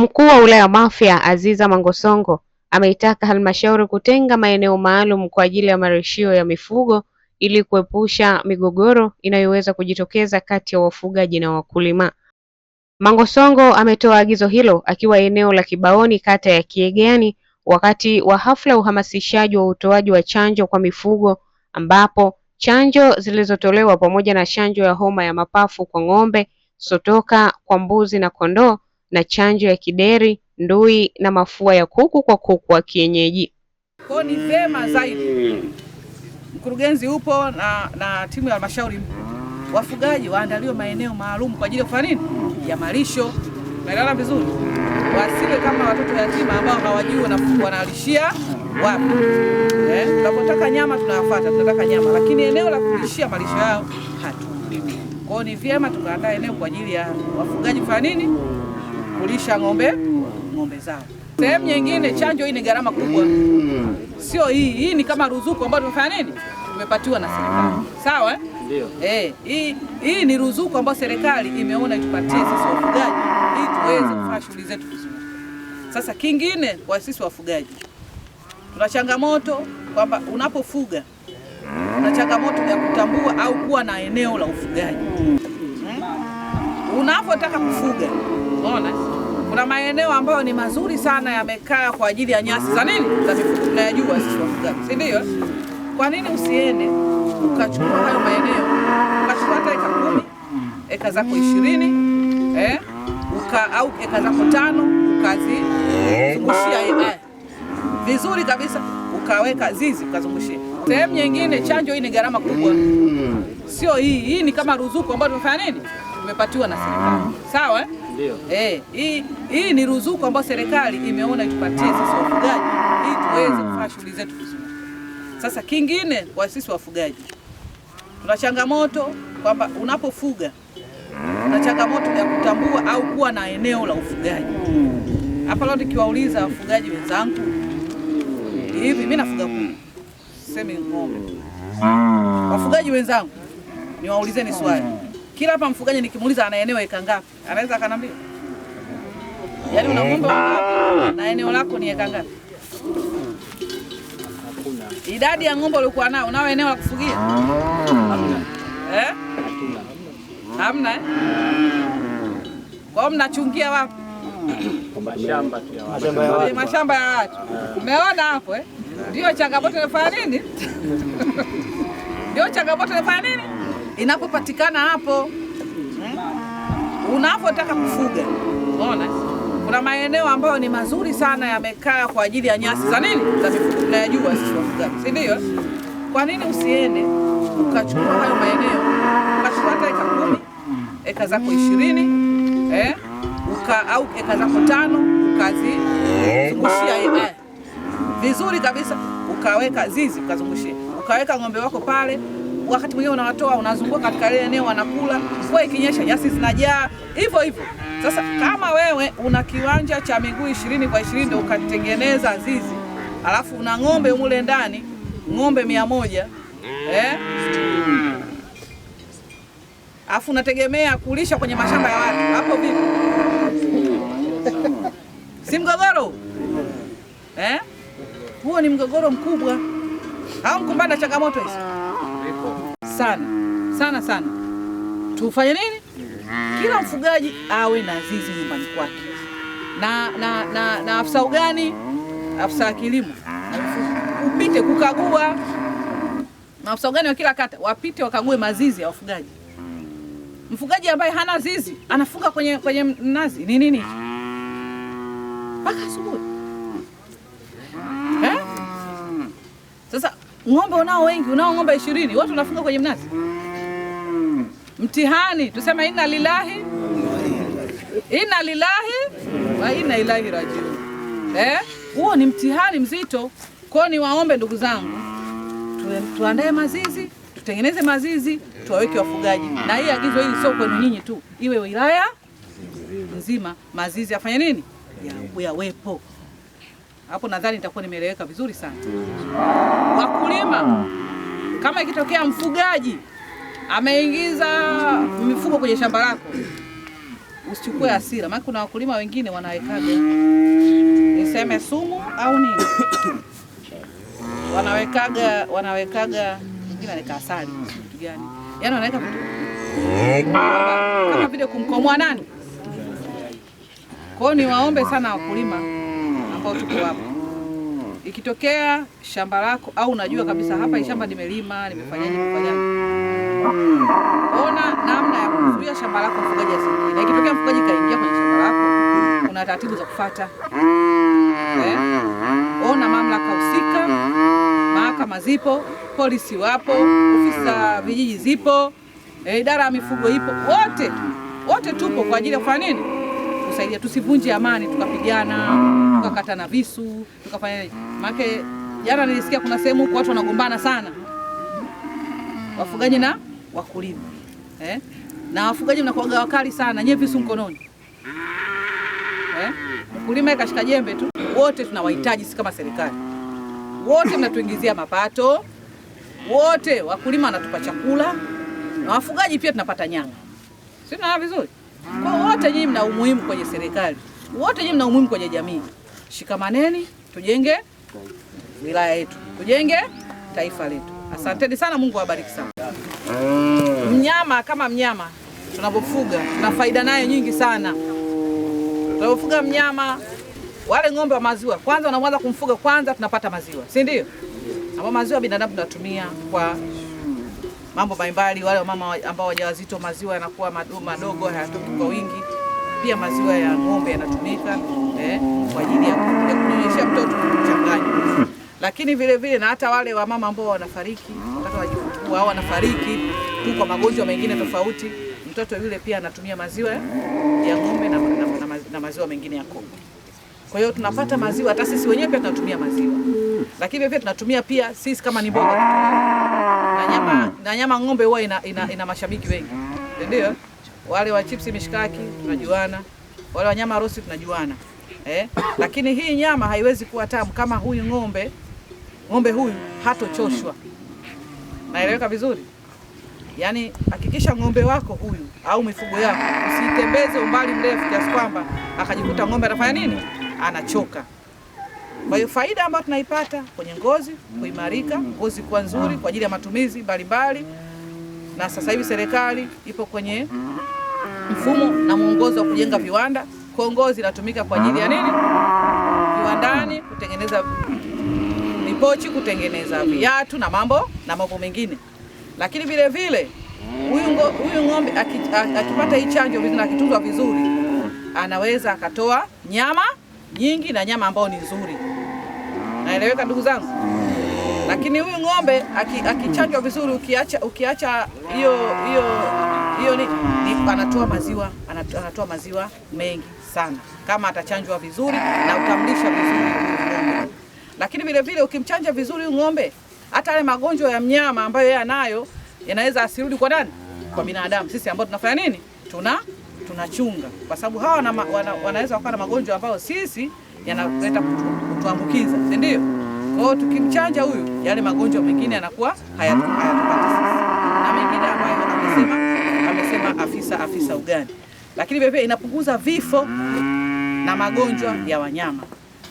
Mkuu wa Wilaya Mafia Aziza Mangosongo ameitaka halmashauri kutenga maeneo maalum kwa ajili ya marishio ya mifugo ili kuepusha migogoro inayoweza kujitokeza kati ya wafugaji na wakulima. Mangosongo ametoa agizo hilo akiwa eneo la Kibaoni kata ya kiegeani wakati wa hafla ya uhamasishaji wa utoaji wa chanjo kwa mifugo ambapo chanjo zilizotolewa pamoja na chanjo ya homa ya mapafu kwa ng'ombe, sotoka kwa mbuzi na kondoo na chanjo ya kideri, ndui na mafua ya kuku kwa kuku wa kienyeji. Kwa ni vema zaidi mkurugenzi upo na, na timu ya halmashauri, wafugaji waandaliwe maeneo maalum kwa ajili ya kufanya nini ya malisho. Naelewana vizuri, wasiwe kama watoto yatima ambao hawajui wanalishia wapi. Eh, tunapotaka nyama tunawafuata, tunataka nyama, lakini eneo la kulishia malisho yao hatu. Kwa hiyo ni vyema tukaandaa eneo kwa ajili ya wafugaji kufanya nini kulisha ng'ombe ng'ombe zao. Sehemu nyingine chanjo hii ni gharama kubwa, sio hii. Hii ni kama ruzuku ambayo tumefanya nini, tumepatiwa na serikali, sawa eh? hii hii ni ruzuku ambayo serikali imeona itupatie sisi wafugaji ili tuweze kufanya shughuli zetu vizuri. Sasa kingine kwa sisi wafugaji tuna changamoto kwamba unapofuga una changamoto ya kutambua au kuwa na eneo la ufugaji hmm? Unapotaka kufuga Unaona? Kuna maeneo ambayo ni mazuri sana yamekaa kwa ajili ya nyasi za nini? Za mifugo. Tunayajua sisi wafugaji, si ndio? Kwa nini usiende ukachukua hayo maeneo ukachukua hata eka kumi, eka zako ishirini eh? Uka, au eka zako tano ukazizungushia eh, eh, vizuri kabisa ukaweka zizi ukazungushia. Sehemu nyingine chanjo hii ni gharama kubwa, sio hii. Hii ni kama ruzuku ambayo tumefanya nini, tumepatiwa na serikali, sawa eh? Eh, hii hii ni ruzuku ambayo serikali imeona itupatie sisi wafugaji ili tuweze kufanya shughuli zetu vizuri. Sasa kingine kwa sisi wafugaji tuna changamoto kwamba unapofuga una changamoto ya kutambua au kuwa na eneo la ufugaji. Hapa leo nikiwauliza wafugaji wenzangu, hivi mimi nafuga kuku, sema ng'ombe. Ah. Wafugaji wenzangu niwaulizeni swali kila hapa mfugaji nikimuuliza ana eneo eka ngapi, anaweza akaniambia. Yaani una ng'ombe na eneo lako ni eka ngapi? Hakuna. Idadi ya ng'ombe uliokuwa nao, unao eneo la kufugia? Hamna. Eh? Hamna eh? Kwa hiyo mnachungia wapi? mashamba ya watu. Ah. Umeona hapo eh? Ndio changamoto inafanya nini? Ndio changamoto inafanya nini? inapopatikana hapo eh, unapotaka kufuga. Unaona, kuna maeneo ambayo ni mazuri sana yamekaa kwa ajili ya nyasi za nini, za mifugo. Tunayajua sisi wafugaji, si ndio? Kwa nini usiende ukachukua hayo maeneo ukachukua hata eka kumi, eka zako ishirini eh? Uka, au eka zako tano ukazizungushia eh, eh. vizuri kabisa, ukaweka zizi ukazungushia, ukaweka ng'ombe wako pale wakati mwingine unawatoa, unazunguka katika ile eneo, wanakula. Mvua ikinyesha nyasi zinajaa hivyo hivyo. Sasa kama wewe una kiwanja cha miguu ishirini kwa ishirini ndio ukatengeneza zizi, alafu una ng'ombe mule ndani, ng'ombe mia moja eh? Alafu unategemea kulisha kwenye mashamba ya watu, hapo vipi? si mgogoro eh? Huo ni mgogoro mkubwa. Au mkumbana changamoto hizo sana sana sana. Tufanye nini? Kila mfugaji awe na zizi nyumbani kwake, na, na, na, na afisa ugani, afisa wa kilimo upite kukagua, na afisa ugani wa kila kata wapite wakague mazizi ya wafugaji. Mfugaji ambaye hana zizi anafunga kwenye, kwenye mnazi ni nini mpaka asubuhi. Ng'ombe unao wengi, unao ng'ombe ishirini, wote unafunga kwenye mnazi. Mm. Mtihani tusema inna lillahi inna lillahi wa inna ilaihi rajiun. Eh, huo ni mtihani mzito. Kwa ni waombe ndugu zangu, tuandae mazizi, tutengeneze mazizi, tuwaweke wafugaji, na hii agizo hili sio kwenu nyinyi tu, iwe wilaya nzima. Mazizi afanye nini, yawepo ya hapo nadhani nitakuwa nimeeleweka vizuri sana. Mm. Wakulima, mm. kama ikitokea mfugaji ameingiza mifugo kwenye shamba lako, usichukue hasira, maana kuna wakulima wengine wanawekaga niseme sumu au nini wanawekaga wanawekaga wengine anaweka asali kitu gani, yaani wanaweka kitu kama vile kumkomoa nani. Kwa hiyo niwaombe sana wakulima ambao tuko hapa. Ikitokea shamba lako au unajua kabisa hapa shamba nimelima, nimefanyaje, nimefanyaje, ona namna ya kuzuia shamba lako mfugaji asiingie. Na ikitokea mfugaji kaingia kwenye shamba lako, kuna taratibu za kufuata. Eh, ona mamlaka husika, mahakama zipo, polisi wapo, ofisi za vijiji zipo, eh, idara ya mifugo ipo, wote wote tupo kwa ajili ya kufanya nini? Kusaidia, tusivunje amani tukapigana tukakata na visu tukafanya make. jana nilisikia kuna sehemu huko watu wanagombana sana wafugaji na wakulima eh? na wafugaji mnakuwaga wakali sana nyewe visu mkononi eh? mkulima ikashika jembe tu, wote tunawahitaji si kama serikali, wote mnatuingizia mapato, wote wakulima wanatupa chakula na wafugaji pia tunapata nyama, si tunaona vizuri? Kwa wote nyinyi mna umuhimu kwenye serikali, wote nyinyi mna umuhimu kwenye jamii. Shikamaneni tujenge wilaya yetu, tujenge taifa letu. Asanteni sana, Mungu awabariki sana. Mnyama kama mnyama tunapofuga tuna faida nayo nyingi sana. Tunapofuga mnyama wale ng'ombe wa maziwa, kwanza unaanza kumfuga, kwanza tunapata maziwa, si ndio? Ambao maziwa binadamu tunatumia kwa mambo mbalimbali. Wale wamama ambao wajawazito, maziwa yanakuwa madogo, hayatoki kwa wingi pia maziwa ya ng'ombe yanatumika eh, kwa ajili ya kunyonyesha mtoto kuchanganya, lakini vile vile na hata wale wa mama ambao wanafariki wakati wajifungua au wanafariki tu kwa magonjwa mengine tofauti, mtoto yule pia anatumia maziwa ya ng'ombe na, na, na, na maziwa mengine ya kobe. Kwa hiyo tunapata maziwa, hata sisi wenyewe pia tunatumia maziwa, lakini vile vile tunatumia pia sisi kama ni mboga na nyama, na nyama ng'ombe huwa ina, ina, ina mashabiki wengi, ndio wale wa chipsi mishkaki tunajuana, wale wa nyama harusi tunajuana eh? Lakini hii nyama haiwezi kuwa tamu kama huyu ng'ombe, ng'ombe huyu hatochoshwa. Naeleweka vizuri? Yaani hakikisha ng'ombe wako huyu au mifugo yako usitembeze umbali mrefu kiasi kwamba akajikuta ng'ombe anafanya nini, anachoka. Kwa hiyo faida ambayo tunaipata kwenye ngozi, kuimarika ngozi kuwa nzuri kwa ajili ya matumizi mbalimbali na sasa hivi serikali ipo kwenye mfumo na mwongozo wa kujenga viwanda. Kongozi inatumika kwa ajili ya nini? Viwandani kutengeneza mipochi, kutengeneza viatu na mambo na mambo mengine, lakini vile vile huyu ng'ombe akipata hii chanjo na akitunzwa vizuri, anaweza akatoa nyama nyingi na nyama ambayo ni nzuri. Naeleweka ndugu zangu? lakini huyu ng'ombe akichanjwa aki vizuri, ukiacha ukiacha hiyo hiyo hiyo ni, ni anatoa maziwa anatoa maziwa mengi sana kama atachanjwa vizuri na utamlisha vizuri lakini Lakini vilevile ukimchanja vizuri huyu ng'ombe, hata yale magonjwa ya mnyama ambayo yeye anayo yanaweza asirudi kwa nani? Kwa binadamu, sisi ambao tunafanya nini? Tuna tunachunga, kwa sababu hawa wanaweza wana, wakawa na magonjwa ambayo sisi yanaleta kutuambukiza, si ndio? Kwa hiyo tukimchanja huyu, yale magonjwa mengine yanakuwa hayatupati sisi, na mengine ambayo amesema amesema afisa afisa ugani, lakini pia inapunguza vifo na magonjwa ya wanyama.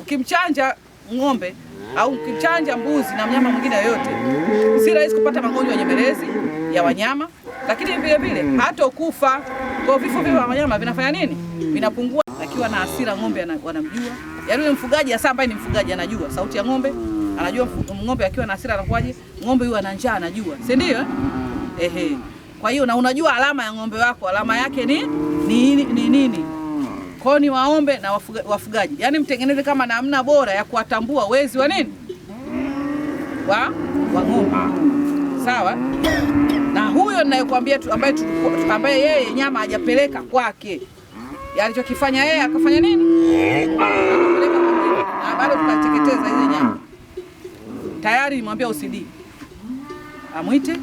Ukimchanja ng'ombe au ukimchanja mbuzi na mnyama mwingine yoyote, si rahisi kupata magonjwa ya nyemelezi ya wanyama, lakini vile vile hata kufa. Kwa vifo vya wanyama vinafanya nini? Vinapungua. Akiwa na hasira ng'ombe wanamjua, yaani yule mfugaji hasa ambaye ni mfugaji anajua sauti ya ng'ombe anajua ng'ombe akiwa na hasira anakuwaje, ng'ombe huyu ana njaa, anajua si ndio? Eh? Ehe, kwa hiyo na unajua alama ya ng'ombe wako, alama yake ni nini? ni, ni, ni. Kwa hiyo ni waombe na wafuga, wafugaji yaani mtengeneze kama namna bora ya kuwatambua wezi wa nini wa, wa ng'ombe sawa na huyo ninayekwambia tu, ambaye, ambaye yeye nyama hajapeleka kwake, yaani alichokifanya yeye akafanya nini, akapeleka na bado tukateketeza hizo nyama tayari nimwambia OCD amwite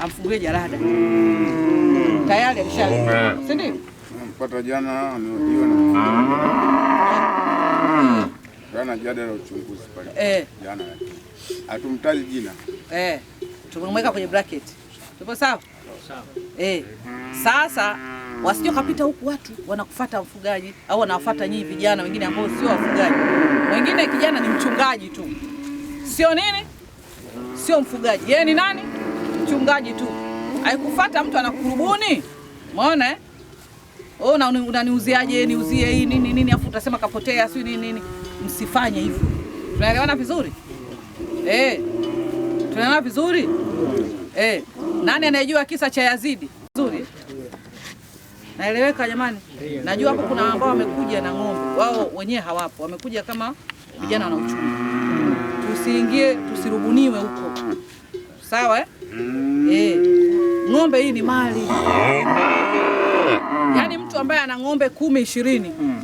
amfungue jalada mm. tayari alisha si ndio? Mpata jana mm. jana jada la uchunguzi pale eh. jana, hatumtaji jina eh, tumemweka kwenye bracket, tupo sawa sawa eh. Sasa wasije kapita huku watu wanakufuata mfugaji au wanawafuata nyinyi vijana wengine ambao sio wafugaji, wengine kijana ni mchungaji tu sio nini, sio mfugaji. Yeye ni nani? Mchungaji tu. aikufata mtu anakurubuni, umeona eh? Oh, na unaniuziaje? Niuzie hii nini nini, afu utasema kapotea, si nini nini. Msifanye hivyo, tunaelewana vizuri eh? Tunaelewana vizuri eh? Nani anayejua kisa cha Yazidi? Vizuri, naeleweka jamani. Najua hapo kuna ambao wamekuja na ng'ombe wao wenyewe hawapo, wamekuja kama vijana wanaochunga tusiingie tusirubuniwe huko, sawa eh? Mm. Eh, ng'ombe hii ni mali, yaani mtu ambaye ana ng'ombe kumi ishirini, mm.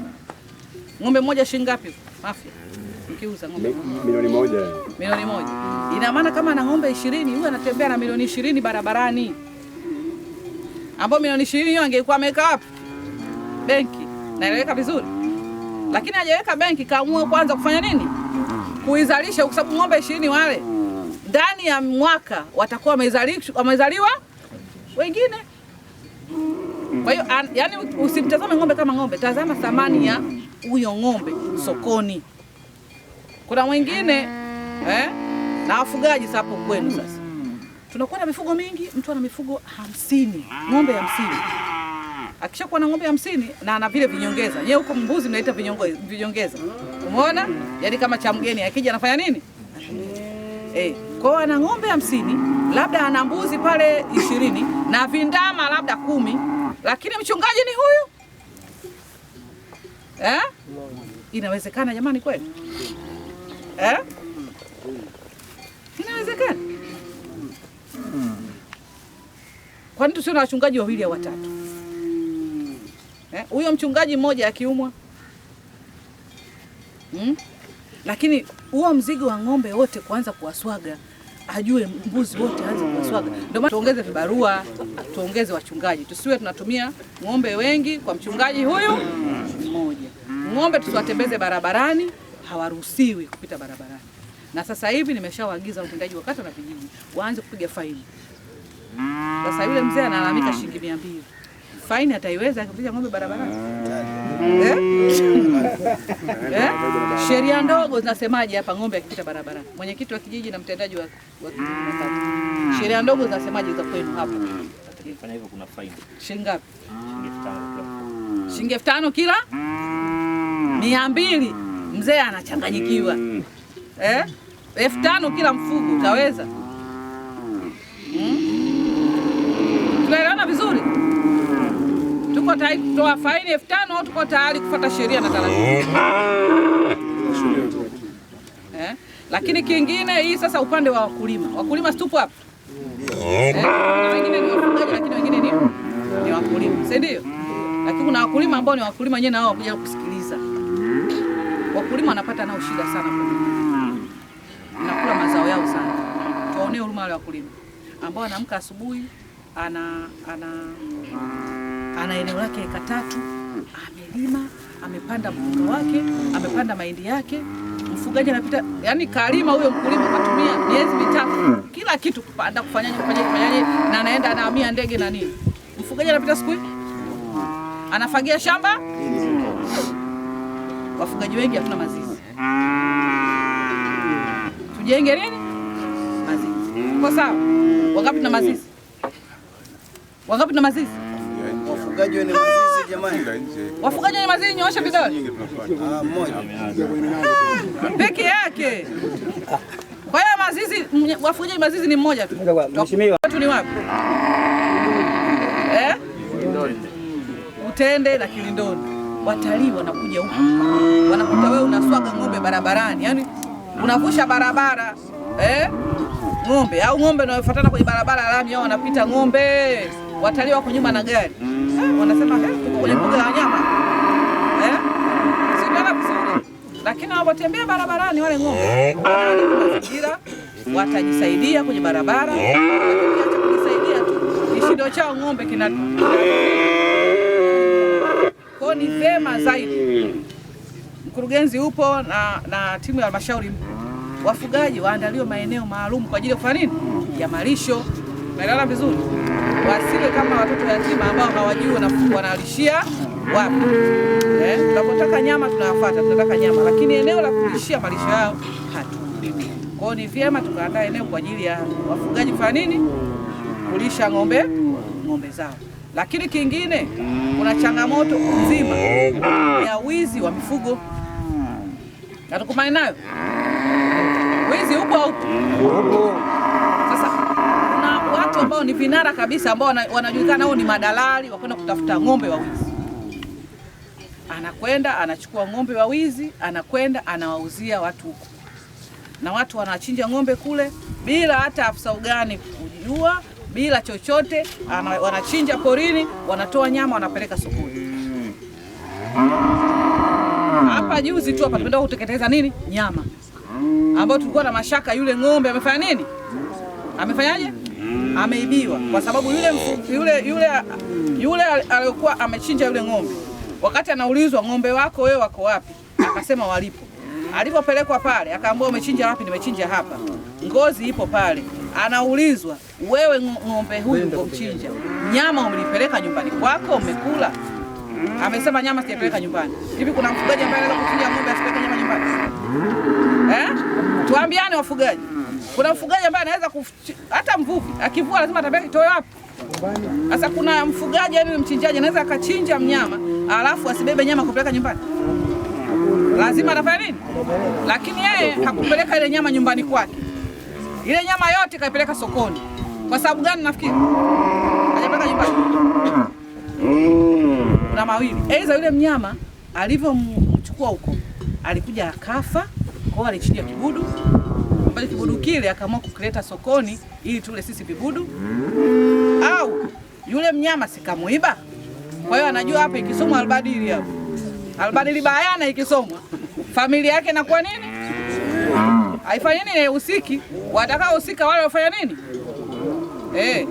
ng'ombe moja shilingi ngapi Mafia? Mkiuza ng'ombe milioni moja, milioni moja, ina maana kama ana ng'ombe ishirini huyu anatembea na milioni ishirini barabarani, ambao milioni ishirini hiyo angekuwa ameweka wapi? Benki. Naeleweka vizuri, lakini hajaweka benki, kaamua kwanza kufanya nini kuizalisha kwa sababu ng'ombe ishirini wale ndani ya mwaka watakuwa wamezaliwa wengine. Kwa hiyo yani, usimtazame ng'ombe kama ng'ombe, tazama thamani ya huyo ng'ombe sokoni. Kuna mwingine eh, na wafugaji sapo kwenu sasa, tunakuwa na mifugo mingi, mtu ana mifugo hamsini, ng'ombe hamsini akishakuwa na ng'ombe hamsini na ana vile vinyongeza, yeye huko mbuzi mnaita vinyongeza, umeona? Yaani kama cha mgeni akija anafanya nini eh? Kwa ana ng'ombe hamsini labda ana mbuzi pale ishirini na vindama labda kumi, lakini mchungaji ni huyu eh? Inawezekana jamani, kweli eh? Inawezekana. Kwani tusio na wachungaji wawili au watatu? Eh, huyo eh, mchungaji mmoja akiumwa hmm? Lakini huo mzigo wa ng'ombe wote kuanza kuwaswaga, ajue mbuzi wote aanze kuwaswaga. Ndio maana tuongeze vibarua, tuongeze wachungaji, tusiwe tunatumia ng'ombe wengi kwa mchungaji huyu mmoja. Ng'ombe tusiwatembeze barabarani, hawaruhusiwi kupita barabarani. Na sasa hivi nimeshawaagiza utendaji wa kata na vijiji waanze kupiga faini. Sasa yule mzee analalamika shilingi mia mbili faini ataiweza akipitisha ng'ombe barabarani mm. eh? Eh? sheria ndogo zinasemaje hapa? Ng'ombe akipita barabarani, mwenyekiti wa kijiji na mtendaji wa, mm. sheria ndogo zinasemaje za kwenu hapa? Fanya hivyo kuna faini shilingi ngapi? Shilingi elfu tano kila mm. mia mbili. Mzee anachanganyikiwa eh? elfu tano kila mfugo utaweza? Hmm? Tunaelewana vizuri tuko tayari kutoa faini elfu tano au tuko tayari kufuata sheria na taratibu eh? Lakini kingine hii sasa upande wa wakulima, wakulima situpo hapa eh? wengine ni wafugaji, lakini wengine ni, ni wakulima si ndio? Lakini kuna wakulima ambao ni wakulima wenyewe na wao wakuja kusikiliza. Wakulima wanapata nao shida sana, nakula mazao yao sana. Tuwaonee huruma wale wakulima ambao anaamka asubuhi ana ana ana eneo lake eka tatu, amelima, amepanda mpunga wake, amepanda mahindi yake. Mfugaji anapita, yani kalima huyo mkulima katumia miezi mitatu, kila kitu kupanda, kufanyaje, kufanyaje, kufanyaje, na anaenda anahamia ndege na nini. Mfugaji anapita siku anafagia shamba. Wafugaji wengi hatuna mazizi, tujenge nini mazizi? Kwa sababu wangapi tuna mazizi? Wangapi tuna mazizi? Ah! wafugaji wenye mazizi jamani. Wafugaji wenye mazizi nyoosha vidole. Ah, mmoja. Ah, Peke yake. Kwa hiyo mazizi wafugaji mazizi ni mmoja tu. Mheshimiwa. Watu ni wapi? Eh? Utende na Kilindoni. Watalii wanakuja huku. Wanakuta wewe unaswaga ng'ombe barabarani. Yaani unavusha barabara. Eh? Ng'ombe au ng'ombe unayofuatana kwenye barabara lami, hao wanapita ng'ombe. Watalii wako nyuma na gari. Eh, wanasema eh, kwenye mbuga ya wanyama eh, sikuona vizuri, lakini wanapotembea barabarani wale ng'ombe mazingira watajisaidia kwenye barabara, acha kujisaidia tu, kishindo chao ng'ombe kina kwa ni vema zaidi. Mkurugenzi upo na, na timu ya halmashauri, wafugaji waandaliwe maeneo maalum kwa ajili ya kufanya nini ya malisho. Naelewana vizuri wasile kama watoto yatima ambao hawajui wanalishia wapi. Eh, tunapotaka nyama tunawafata tunataka nyama, lakini eneo la kulishia malisho yao hatu kwao ni vyema tukaandaa eneo kwa ajili ya wafugaji kufanya nini, kulisha ng'ombe ng'ombe zao. Lakini kingine, kuna changamoto nzima ya wizi wa mifugo, natukumani nayo. Wizi upo au upo? watu ambao ni vinara kabisa ambao wanajulikana wao ni madalali, wakwenda kutafuta ng'ombe wawizi. Anakwenda anachukua ng'ombe wawizi, anakwenda anawauzia watu huko, na watu wanachinja ng'ombe kule bila hata afisa ugani kujua, bila chochote ana, wanachinja porini, wanatoa nyama, wanapeleka sokoni. Hapa juzi tu hapa tumeenda kuteketeza nini nyama ambayo tulikuwa na mashaka, yule ng'ombe amefanya nini? Amefanyaje? ameibiwa, kwa sababu yule yule yule yule aliyokuwa amechinja yule ng'ombe, wakati anaulizwa ng'ombe wako wewe wako wapi, akasema walipo. Alipopelekwa pale akaambiwa umechinja wapi? Nimechinja hapa, ngozi ipo pale. Anaulizwa wewe, ng'ombe huyu ulipomchinja, nyama umelipeleka nyumbani kwako, umekula? Amesema nyama sijapeleka nyumbani. Hivi kuna mfugaji ambaye anaweza kuchinja ng'ombe asipeleke nyama nyumbani eh? Tuambiane wafugaji. Kuna mfugaji ambaye anaweza hata mvuvi akivua lazima atabaki kitoe wapi? Sasa kuna mfugaji yani mchinjaji anaweza akachinja mnyama alafu asibebe nyama kupeleka nyumbani, lazima atafanya nini? Lakini yeye hakupeleka ile nyama nyumbani kwake, ile nyama yote kaipeleka sokoni. Kwa sababu gani? Nafikiri hajapeleka nyumbani. Kuna mawili, aidha yule mnyama alivyomchukua huko alikuja akafa kwao, alichinja kibudu pale kibudu kile akaamua kukileta sokoni ili tule sisi vibudu, au yule mnyama sikamuiba? Kwa hiyo anajua hapa ikisomwa albadili, hapo albadili bayana ikisomwa familia yake inakuwa nini? Haifanyi nini usiki, watakao usika wale wafanya nini? Eh,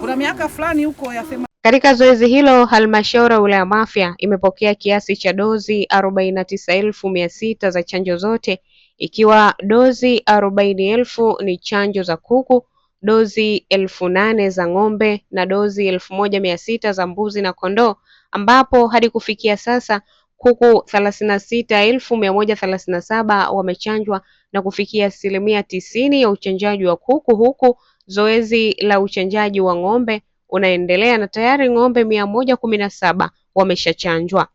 kuna miaka fulani huko ya sema katika zoezi hilo halmashauri ya wilaya Mafia imepokea kiasi cha dozi 49,600 za chanjo zote ikiwa dozi arobaini elfu ni chanjo za kuku, dozi elfu nane za ng'ombe na dozi elfu moja mia sita za mbuzi na kondoo, ambapo hadi kufikia sasa kuku thelathini na sita elfu mia moja thelathini na saba wamechanjwa na kufikia asilimia tisini ya uchanjaji wa kuku, huku zoezi la uchanjaji wa ng'ombe unaendelea na tayari ng'ombe mia moja kumi na saba wameshachanjwa.